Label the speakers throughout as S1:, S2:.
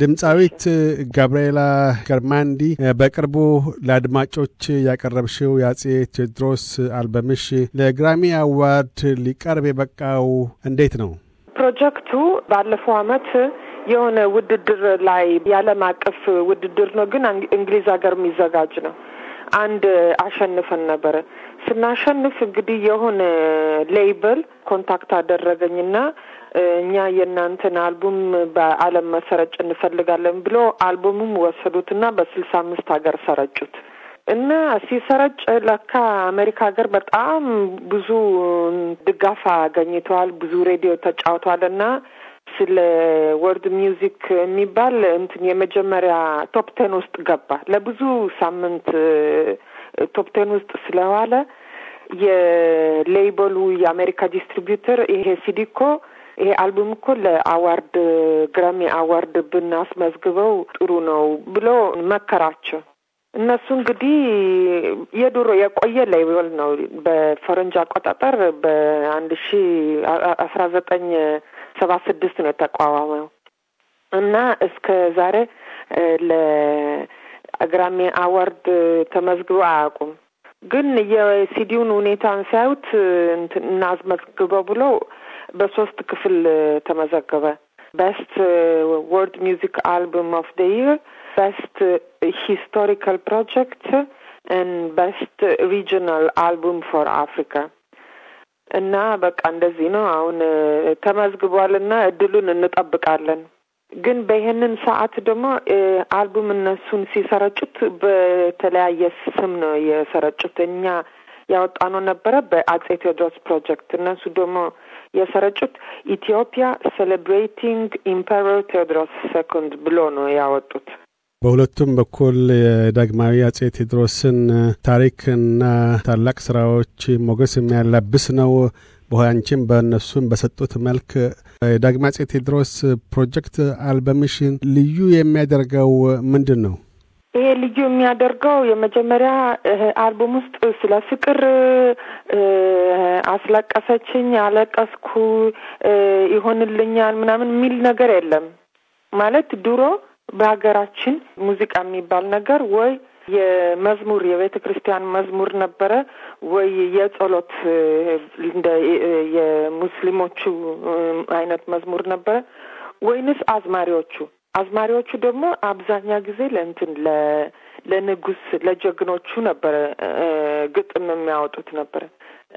S1: ድምፃዊት ጋብርኤላ ገርማንዲ በቅርቡ ለአድማጮች ያቀረብሽው የአጼ ቴዎድሮስ አልበምሽ ለግራሚ አዋርድ ሊቀርብ የበቃው እንዴት ነው?
S2: ፕሮጀክቱ ባለፈው አመት የሆነ ውድድር ላይ የዓለም አቀፍ ውድድር ነው፣ ግን እንግሊዝ ሀገር የሚዘጋጅ ነው። አንድ አሸንፈን ነበረ። ስናሸንፍ እንግዲህ የሆነ ሌይብል ኮንታክት አደረገኝና እኛ የእናንተን አልቡም በዓለም መሰረጭ እንፈልጋለን ብሎ አልቡሙም ወሰዱትና በስልሳ አምስት ሀገር ሰረጩት እና ሲሰረጭ ለካ አሜሪካ ሀገር በጣም ብዙ ድጋፍ አገኝተዋል። ብዙ ሬዲዮ ተጫውተዋል እና ስለ ወርድ ሚውዚክ የሚባል እንትን የመጀመሪያ ቶፕቴን ውስጥ ገባ። ለብዙ ሳምንት ቶፕቴን ውስጥ ስለዋለ የሌይበሉ የአሜሪካ ዲስትሪቢዩተር ይሄ ሲዲኮ ይሄ አልበም እኮ ለአዋርድ ግራሚ አዋርድ ብናስመዝግበው ጥሩ ነው ብሎ መከራቸው። እነሱ እንግዲህ የድሮ የቆየ ላይብል ነው። በፈረንጅ አቆጣጠር በአንድ ሺ አስራ ዘጠኝ ሰባ ስድስት ነው የተቋቋመው እና እስከ ዛሬ ለግራሚ አዋርድ ተመዝግበ አያውቁም። ግን የሲዲውን ሁኔታን ሲያዩት እናስመዝግበው ብሎ በሶስት ክፍል ተመዘገበ። በስት ወርልድ ሚዚክ አልበም ኦፍ ደ ይር፣ በስት ሂስቶሪካል ፕሮጀክት ን በስት ሪጂናል አልቡም ፎር አፍሪካ እና በቃ እንደዚህ ነው አሁን ተመዝግቧል እና እድሉን እንጠብቃለን። ግን በይህንን ሰዓት ደግሞ አልቡም እነሱን ሲሰረጩት በተለያየ ስም ነው የሰረጩት። እኛ ያወጣነው ነበረ በአጼ ቴዎድሮስ ፕሮጀክት፣ እነሱ ደግሞ የሰረጩት ኢትዮጵያ ሴሌብሬቲንግ ኢምፐረር ቴዎድሮስ ሰኮንድ ብሎ ነው ያወጡት።
S1: በሁለቱም በኩል የዳግማዊ አጼ ቴዎድሮስን ታሪክ ታላቅ ስራዎች ሞገስ የሚያላብስ ነው። በሆያንቺም በእነሱም በሰጡት መልክ የዳግማዊ አጼ ቴዎድሮስ ፕሮጀክት አልበምሽን ልዩ የሚያደርገው ምንድን ነው?
S2: ይሄ ልዩ የሚያደርገው የመጀመሪያ አልበም ውስጥ ስለ ፍቅር አስለቀሰችኝ፣ አለቀስኩ፣ ይሆንልኛል ምናምን የሚል ነገር የለም። ማለት ድሮ በሀገራችን ሙዚቃ የሚባል ነገር ወይ የመዝሙር የቤተ ክርስቲያን መዝሙር ነበረ ወይ የጸሎት እንደ የሙስሊሞቹ አይነት መዝሙር ነበረ ወይንስ አዝማሪዎቹ አዝማሪዎቹ ደግሞ አብዛኛ ጊዜ ለእንትን ለንጉስ ለጀግኖቹ ነበረ ግጥም የሚያወጡት ነበረ።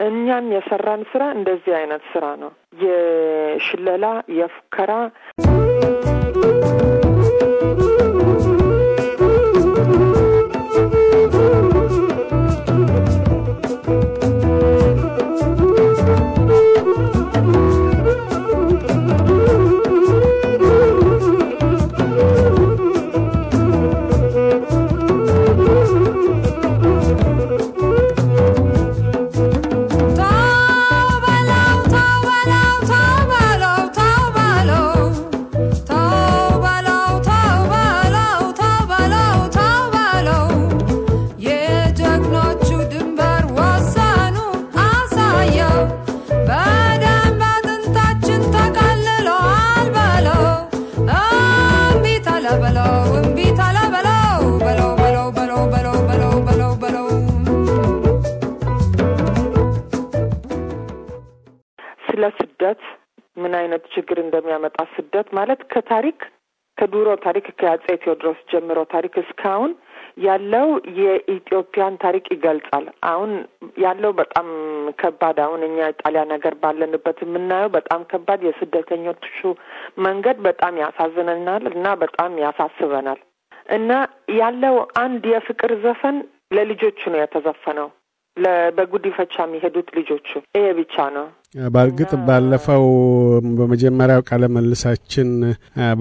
S2: እኛም የሰራን ስራ እንደዚህ አይነት ስራ ነው፣ የሽለላ የፉከራ አይነት ችግር እንደሚያመጣ ስደት ማለት ከታሪክ ከድሮ ታሪክ ከአጼ ቴዎድሮስ ጀምሮ ታሪክ እስካሁን ያለው የኢትዮጵያን ታሪክ ይገልጻል። አሁን ያለው በጣም ከባድ አሁን እኛ ጣሊያን ሀገር ባለንበት የምናየው በጣም ከባድ የስደተኞቹ መንገድ በጣም ያሳዝነናል እና በጣም ያሳስበናል እና ያለው አንድ የፍቅር ዘፈን ለልጆቹ ነው የተዘፈነው። በጉዲፈቻ የሚሄዱት ልጆቹ ይሄ ብቻ ነው።
S1: በእርግጥ ባለፈው በመጀመሪያው ቃለ መልሳችን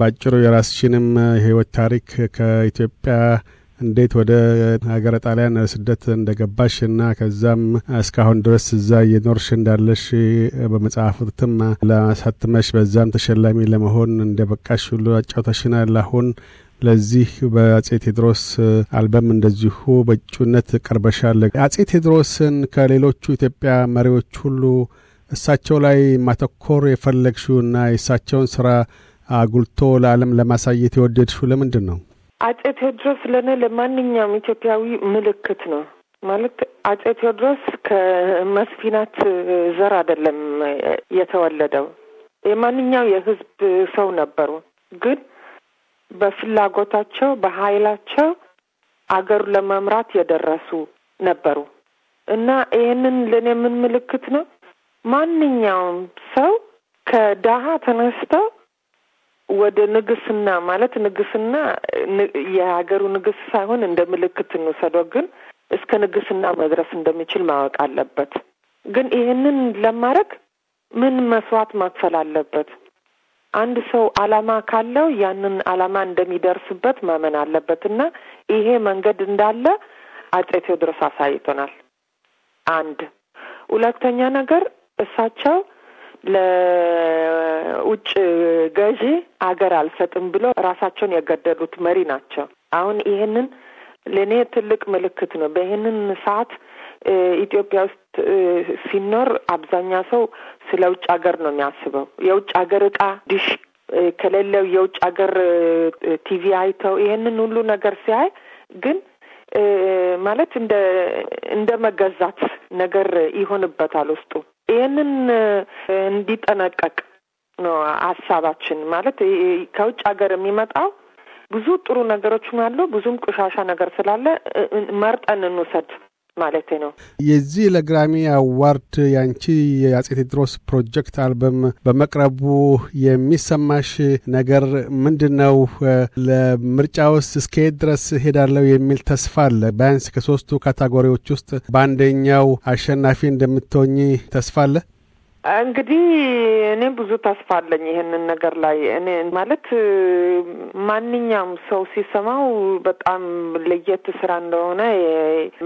S1: ባጭሩ የራስሽንም ህይወት ታሪክ ከኢትዮጵያ እንዴት ወደ ሀገረ ጣሊያን ስደት እንደገባሽ እና ከዛም እስካሁን ድረስ እዛ እየኖርሽ እንዳለሽ በመጽሐፍትም ለማሳትመሽ በዛም ተሸላሚ ለመሆን እንደበቃሽ ሁሉ አጫውተሽናል። አሁን ለዚህ በአጼ ቴዎድሮስ አልበም እንደዚሁ በእጩነት ቀርበሻል። አጼ ቴድሮስን ከሌሎቹ ኢትዮጵያ መሪዎች ሁሉ እሳቸው ላይ ማተኮር እና የእሳቸውን ስራ አጉልቶ ለዓለም ለማሳየት የወደድሽው ለምንድን ነው?
S2: አጼ ቴዎድሮስ ለእኔ ለማንኛውም ኢትዮጵያዊ ምልክት ነው። ማለት አጼ ቴዎድሮስ ከመስፊናት ዘር አይደለም የተወለደው፣ የማንኛው የህዝብ ሰው ነበሩ ግን በፍላጎታቸው በኃይላቸው አገሩ ለመምራት የደረሱ ነበሩ እና ይህንን ለእኔ ምን ምልክት ነው? ማንኛውም ሰው ከዳሃ ተነስተው ወደ ንግስና ማለት ንግስና የሀገሩ ንግስ ሳይሆን እንደ ምልክት እንውሰደው፣ ግን እስከ ንግስና መድረስ እንደሚችል ማወቅ አለበት። ግን ይህንን ለማድረግ ምን መስዋዕት ማክፈል አለበት? አንድ ሰው አላማ ካለው ያንን አላማ እንደሚደርስበት ማመን አለበት እና ይሄ መንገድ እንዳለ አጼ ቴዎድሮስ አሳይቶናል። አንድ ሁለተኛ ነገር እሳቸው ለውጭ ገዢ አገር አልሰጥም ብሎ ራሳቸውን የገደሉት መሪ ናቸው። አሁን ይሄንን ለእኔ ትልቅ ምልክት ነው። በይህንን ሰዓት ኢትዮጵያ ውስጥ ሲኖር አብዛኛ ሰው ስለ ውጭ ሀገር ነው የሚያስበው። የውጭ ሀገር እቃ ዲሽ ከሌለው የውጭ ሀገር ቲቪ አይተው ይሄንን ሁሉ ነገር ሲያይ ግን ማለት እንደ እንደ መገዛት ነገር ይሆንበታል ውስጡ። ይህንን እንዲጠነቀቅ ነው ሀሳባችን። ማለት ከውጭ ሀገር የሚመጣው ብዙ ጥሩ ነገሮችም አለው፣ ብዙም ቆሻሻ ነገር ስላለ መርጠን እንውሰድ። ማለት ነው።
S1: የዚህ ለግራሚ አዋርድ የአንቺ የአጼ ቴዎድሮስ ፕሮጀክት አልበም በመቅረቡ የሚሰማሽ ነገር ምንድን ነው? ለምርጫ ውስጥ እስከየት ድረስ ሄዳለሁ የሚል ተስፋ አለ? ቢያንስ ከሶስቱ ካታጎሪዎች ውስጥ በአንደኛው አሸናፊ እንደምትሆኝ ተስፋ አለ?
S2: እንግዲህ እኔ ብዙ ተስፋ አለኝ ይህንን ነገር ላይ እኔ ማለት ማንኛውም ሰው ሲሰማው በጣም ለየት ስራ እንደሆነ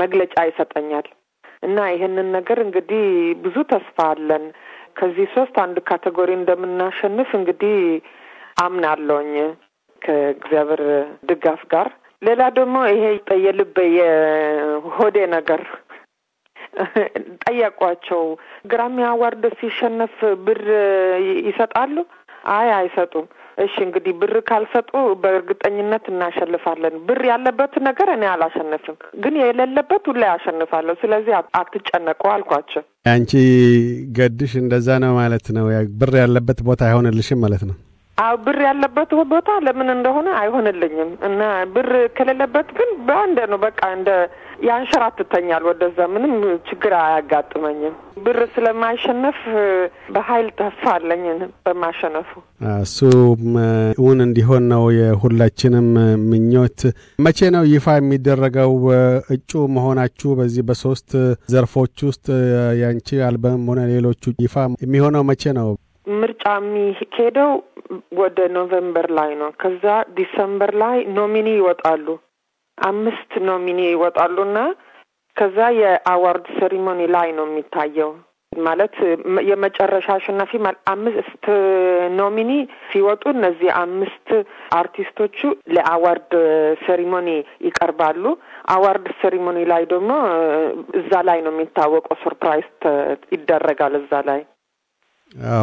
S2: መግለጫ ይሰጠኛል እና ይህንን ነገር እንግዲህ ብዙ ተስፋ አለን። ከዚህ ሶስት አንድ ካቴጎሪ እንደምናሸንፍ እንግዲህ አምናለሁኝ ከእግዚአብሔር ድጋፍ ጋር። ሌላ ደግሞ ይሄ የልቤ የሆዴ ነገር ጠየቋቸው። ግራሚ አዋርድ ሲሸነፍ ብር ይሰጣሉ? አይ አይሰጡም። እሺ እንግዲህ ብር ካልሰጡ በእርግጠኝነት እናሸንፋለን። ብር ያለበት ነገር እኔ አላሸንፍም፣ ግን የሌለበት ሁላ ያሸንፋለሁ። ስለዚህ አትጨነቁ አልኳቸው።
S1: አንቺ ገድሽ እንደዛ ነው ማለት ነው። ብር ያለበት ቦታ አይሆንልሽም ማለት ነው።
S2: አዎ ብር ያለበት ቦታ ለምን እንደሆነ አይሆንልኝም እና ብር ከሌለበት ግን በአንድ ነው በቃ እንደ ያንሸራትተኛል ወደዛ ምንም ችግር አያጋጥመኝም። ብር ስለማይሸነፍ በሀይል ተስፋ አለኝ በማሸነፉ።
S1: እሱ እውን እንዲሆን ነው የሁላችንም ምኞት። መቼ ነው ይፋ የሚደረገው እጩ መሆናችሁ? በዚህ በሶስት ዘርፎች ውስጥ ያንቺ አልበም ሆነ ሌሎቹ ይፋ የሚሆነው መቼ ነው?
S2: ምርጫ የሚሄደው ወደ ኖቬምበር ላይ ነው። ከዛ ዲሰምበር ላይ ኖሚኒ ይወጣሉ። አምስት ኖሚኒ ይወጣሉና ከዛ የአዋርድ ሴሪሞኒ ላይ ነው የሚታየው። ማለት የመጨረሻ አሸናፊ አምስት ኖሚኒ ሲወጡ እነዚህ አምስት አርቲስቶቹ ለአዋርድ ሴሪሞኒ ይቀርባሉ። አዋርድ ሴሪሞኒ ላይ ደግሞ እዛ ላይ ነው የሚታወቀው። ሰርፕራይዝ ይደረጋል እዛ ላይ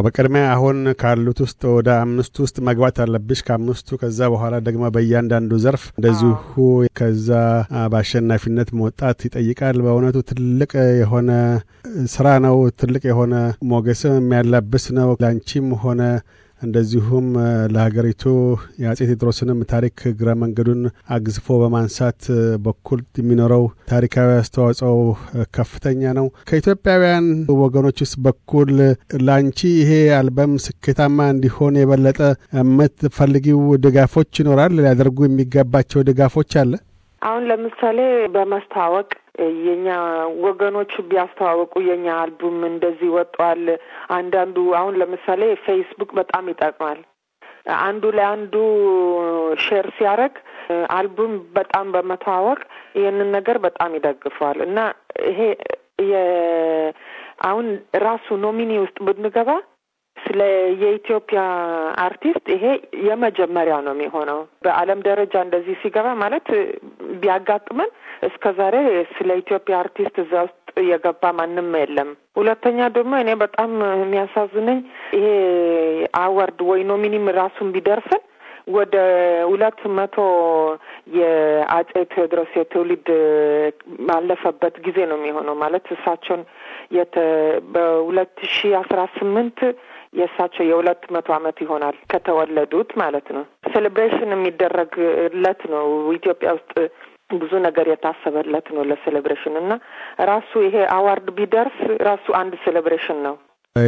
S1: በቅድሚያ አሁን ካሉት ውስጥ ወደ አምስቱ ውስጥ መግባት አለብሽ ከአምስቱ ከዛ በኋላ ደግሞ በእያንዳንዱ ዘርፍ እንደዚሁ ከዛ በአሸናፊነት መውጣት ይጠይቃል። በእውነቱ ትልቅ የሆነ ስራ ነው። ትልቅ የሆነ ሞገስም የሚያላብስ ነው ላንቺም ሆነ እንደዚሁም ለሀገሪቱ የአጼ ቴድሮስንም ታሪክ እግረ መንገዱን አግዝፎ በማንሳት በኩል የሚኖረው ታሪካዊ አስተዋጽኦ ከፍተኛ ነው። ከኢትዮጵያውያን ወገኖች ውስጥ በኩል ለአንቺ ይሄ አልበም ስኬታማ እንዲሆን የበለጠ የምትፈልጊው ድጋፎች ይኖራል? ሊያደርጉ የሚገባቸው ድጋፎች አለ?
S2: አሁን ለምሳሌ በማስተዋወቅ የኛ ወገኖቹ ቢያስተዋወቁ የኛ አልቡም እንደዚህ ወጧል። አንዳንዱ አሁን ለምሳሌ ፌስቡክ በጣም ይጠቅማል። አንዱ ለአንዱ ሼር ሲያደርግ አልቡም በጣም በመተዋወቅ ይህንን ነገር በጣም ይደግፈዋል እና ይሄ አሁን ራሱ ኖሚኒ ውስጥ ብንገባ ስለ የኢትዮጵያ አርቲስት ይሄ የመጀመሪያ ነው የሚሆነው። በዓለም ደረጃ እንደዚህ ሲገባ ማለት ቢያጋጥምን እስከ ዛሬ ስለ ኢትዮጵያ አርቲስት እዛ ውስጥ የገባ ማንም የለም። ሁለተኛ ደግሞ እኔ በጣም የሚያሳዝነኝ ይሄ አዋርድ ወይ ኖሚኒም ራሱን ቢደርስን ወደ ሁለት መቶ የአጼ ቴዎድሮስ የትውልድ ባለፈበት ጊዜ ነው የሚሆነው ማለት እሳቸውን የተ በሁለት ሺ አስራ ስምንት የእሳቸው የሁለት መቶ ዓመት ይሆናል ከተወለዱት ማለት ነው። ሴሌብሬሽን የሚደረግለት ነው ኢትዮጵያ ውስጥ ብዙ ነገር የታሰበለት ነው ለሴሌብሬሽን እና ራሱ ይሄ አዋርድ ቢደርስ ራሱ አንድ ሴሌብሬሽን ነው።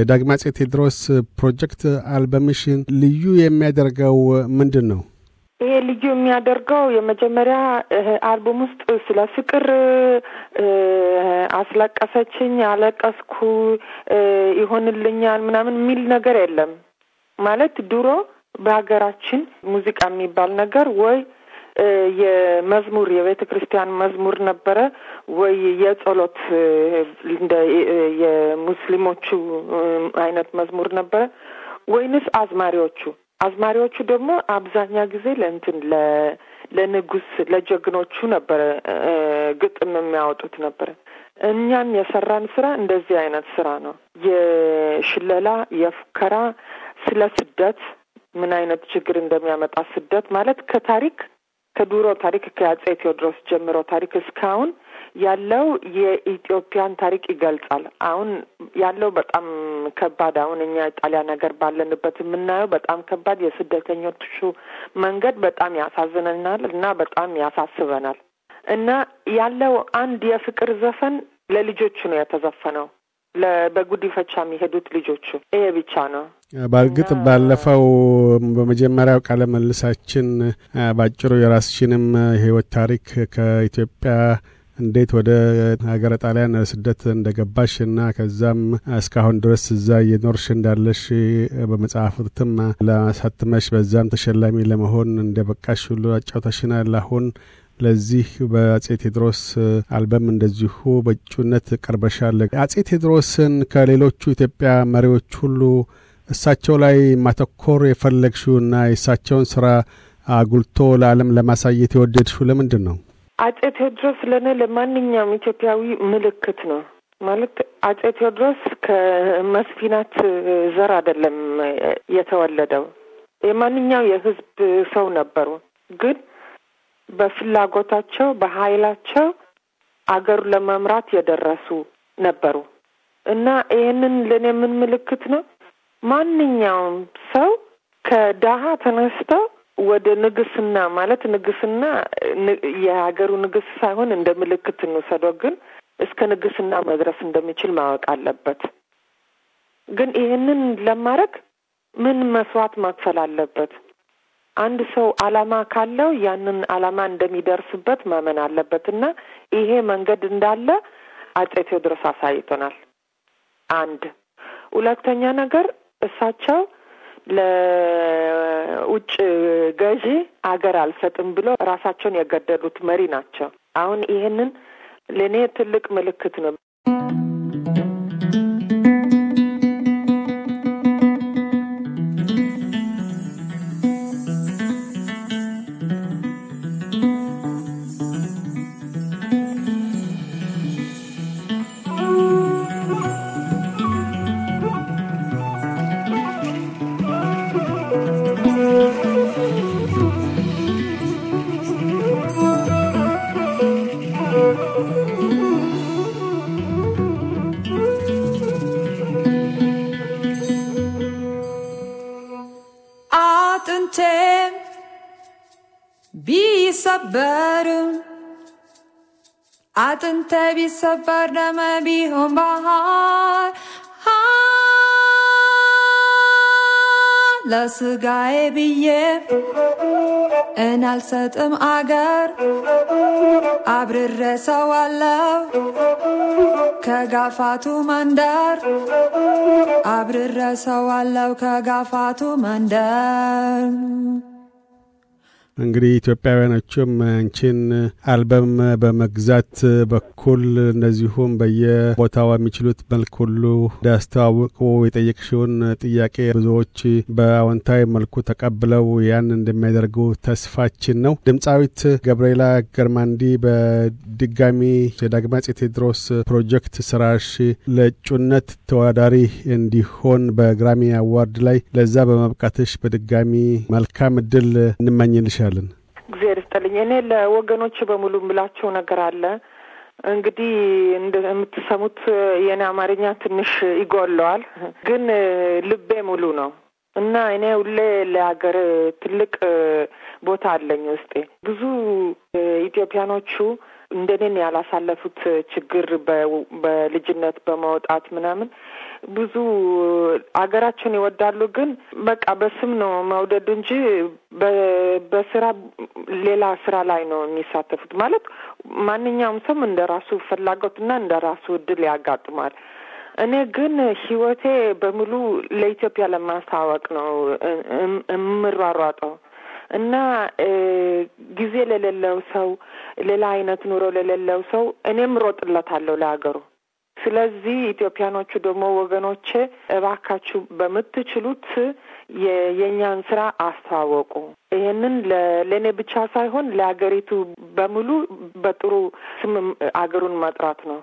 S1: የዳግማዊ ቴዎድሮስ ፕሮጀክት አልበምሽን ልዩ የሚያደርገው ምንድን ነው?
S2: ይሄ ልዩ የሚያደርገው የመጀመሪያ አልበም ውስጥ ስለ ፍቅር አስለቀሰችኝ፣ አለቀስኩ፣ ይሆንልኛል ምናምን የሚል ነገር የለም። ማለት ድሮ በሀገራችን ሙዚቃ የሚባል ነገር ወይ የመዝሙር የቤተ ክርስቲያን መዝሙር ነበረ ወይ የጸሎት እንደ የሙስሊሞቹ አይነት መዝሙር ነበረ ወይንስ አዝማሪዎቹ አዝማሪዎቹ ደግሞ አብዛኛ ጊዜ ለእንትን ለንጉስ ለጀግኖቹ ነበረ ግጥም የሚያወጡት ነበረ። እኛም የሰራን ስራ እንደዚህ አይነት ስራ ነው። የሽለላ የፉከራ፣ ስለ ስደት ምን አይነት ችግር እንደሚያመጣ ስደት ማለት ከታሪክ ከዱሮ ታሪክ ከአጼ ቴዎድሮስ ጀምሮ ታሪክ እስካሁን ያለው የኢትዮጵያን ታሪክ ይገልጻል። አሁን ያለው በጣም ከባድ አሁን እኛ ጣሊያን ነገር ባለንበት የምናየው በጣም ከባድ የስደተኞቹ መንገድ በጣም ያሳዝነናል እና በጣም ያሳስበናል እና ያለው አንድ የፍቅር ዘፈን ለልጆቹ ነው የተዘፈነው በጉዲፈቻ የሚሄዱት ልጆቹ
S1: ይሄ ብቻ ነው። በእርግጥ ባለፈው በመጀመሪያው ቃለ መልሳችን ባጭሩ የራስሽንም ሕይወት ታሪክ ከኢትዮጵያ እንዴት ወደ ሀገረ ጣሊያን ስደት እንደገባሽ እና ከዛም እስካሁን ድረስ እዛ እየኖርሽ እንዳለሽ በመጽሐፍትም ለማሳትመሽ በዛም ተሸላሚ ለመሆን እንደበቃሽ ሁሉ አጫውታሽናል። አሁን ለዚህ በአጼ ቴዎድሮስ አልበም እንደዚሁ በእጩነት ቀርበሻል። አጼ ቴዎድሮስን ከሌሎቹ ኢትዮጵያ መሪዎች ሁሉ እሳቸው ላይ ማተኮር የፈለግሽው እና የእሳቸውን ስራ አጉልቶ ለዓለም ለማሳየት የወደድሽው ለምንድን ነው?
S2: አጼ ቴዎድሮስ ለእኔ ለማንኛውም ኢትዮጵያዊ ምልክት ነው። ማለት አጼ ቴዎድሮስ ከመስፊናት ዘር አይደለም የተወለደው። የማንኛው የህዝብ ሰው ነበሩ። ግን በፍላጎታቸው በኃይላቸው አገሩ ለመምራት የደረሱ ነበሩ እና ይህንን ለእኔ ምን ምልክት ነው? ማንኛውም ሰው ከዳሀ ተነስተው ወደ ንግስና ማለት ንግስና የሀገሩ ንግስ ሳይሆን እንደ ምልክት እንውሰደው፣ ግን እስከ ንግስና መድረስ እንደሚችል ማወቅ አለበት። ግን ይህንን ለማድረግ ምን መስዋዕት ማክፈል አለበት? አንድ ሰው አላማ ካለው ያንን አላማ እንደሚደርስበት ማመን አለበት እና ይሄ መንገድ እንዳለ አፄ ቴዎድሮስ አሳይቶናል። አንድ ሁለተኛ ነገር እሳቸው ለውጭ ገዢ አገር አልሰጥም ብሎ ራሳቸውን የገደሉት መሪ ናቸው። አሁን ይህንን ለእኔ ትልቅ ምልክት ነው።
S3: ቢሰበርም አጥንቴ ቢሰበር ደሜ ቢሆን ባህር ለስጋዬ ብዬ እናልሰጥም አገር አብርሬ ሰዋለው ከጋፋቱ መንደር አብርሬ ሰዋለው ከጋፋቱ መንደር
S1: እንግዲህ ኢትዮጵያውያኖችም አንቺን አልበም በመግዛት በኩል እንደዚሁም በየቦታው የሚችሉት መልክ ሁሉ እንዲያስተዋውቁ የጠየቅሽውን ጥያቄ ብዙዎች በአዎንታዊ መልኩ ተቀብለው ያን እንደሚያደርጉ ተስፋችን ነው። ድምፃዊት ገብርኤላ ገርማንዲ በድጋሚ የዳግማዊ አፄ ቴዎድሮስ ፕሮጀክት ስራሽ ለእጩነት ተወዳዳሪ እንዲሆን በግራሚ አዋርድ ላይ ለዛ በመብቃትሽ በድጋሚ መልካም እድል እንመኝልሻል። እንሻለን።
S2: እግዚአብሔር ይስጥልኝ። እኔ ለወገኖች በሙሉ ምላቸው ነገር አለ። እንግዲህ እንደምትሰሙት የኔ አማርኛ ትንሽ ይጎለዋል፣ ግን ልቤ ሙሉ ነው እና እኔ ሁሌ ለሀገር ትልቅ ቦታ አለኝ ውስጤ። ብዙ ኢትዮጵያኖቹ እንደኔን ያላሳለፉት ችግር በልጅነት በመውጣት ምናምን ብዙ አገራችን ይወዳሉ፣ ግን በቃ በስም ነው መውደድ እንጂ በስራ ሌላ ስራ ላይ ነው የሚሳተፉት። ማለት ማንኛውም ሰው እንደ ራሱ ፍላጎትና እንደ ራሱ እድል ያጋጥማል። እኔ ግን ህይወቴ በሙሉ ለኢትዮጵያ ለማስታወቅ ነው የምሯሯጠው እና ጊዜ ለሌለው ሰው ሌላ አይነት ኑሮ ለሌለው ሰው እኔም ሮጥለታለሁ ለሀገሩ ስለዚህ ኢትዮጵያኖቹ ደግሞ ወገኖቼ እባካችሁ በምትችሉት የእኛን ስራ አስተዋወቁ። ይሄንን ለእኔ ብቻ ሳይሆን ለሀገሪቱ በሙሉ በጥሩ ስም አገሩን መጥራት ነው።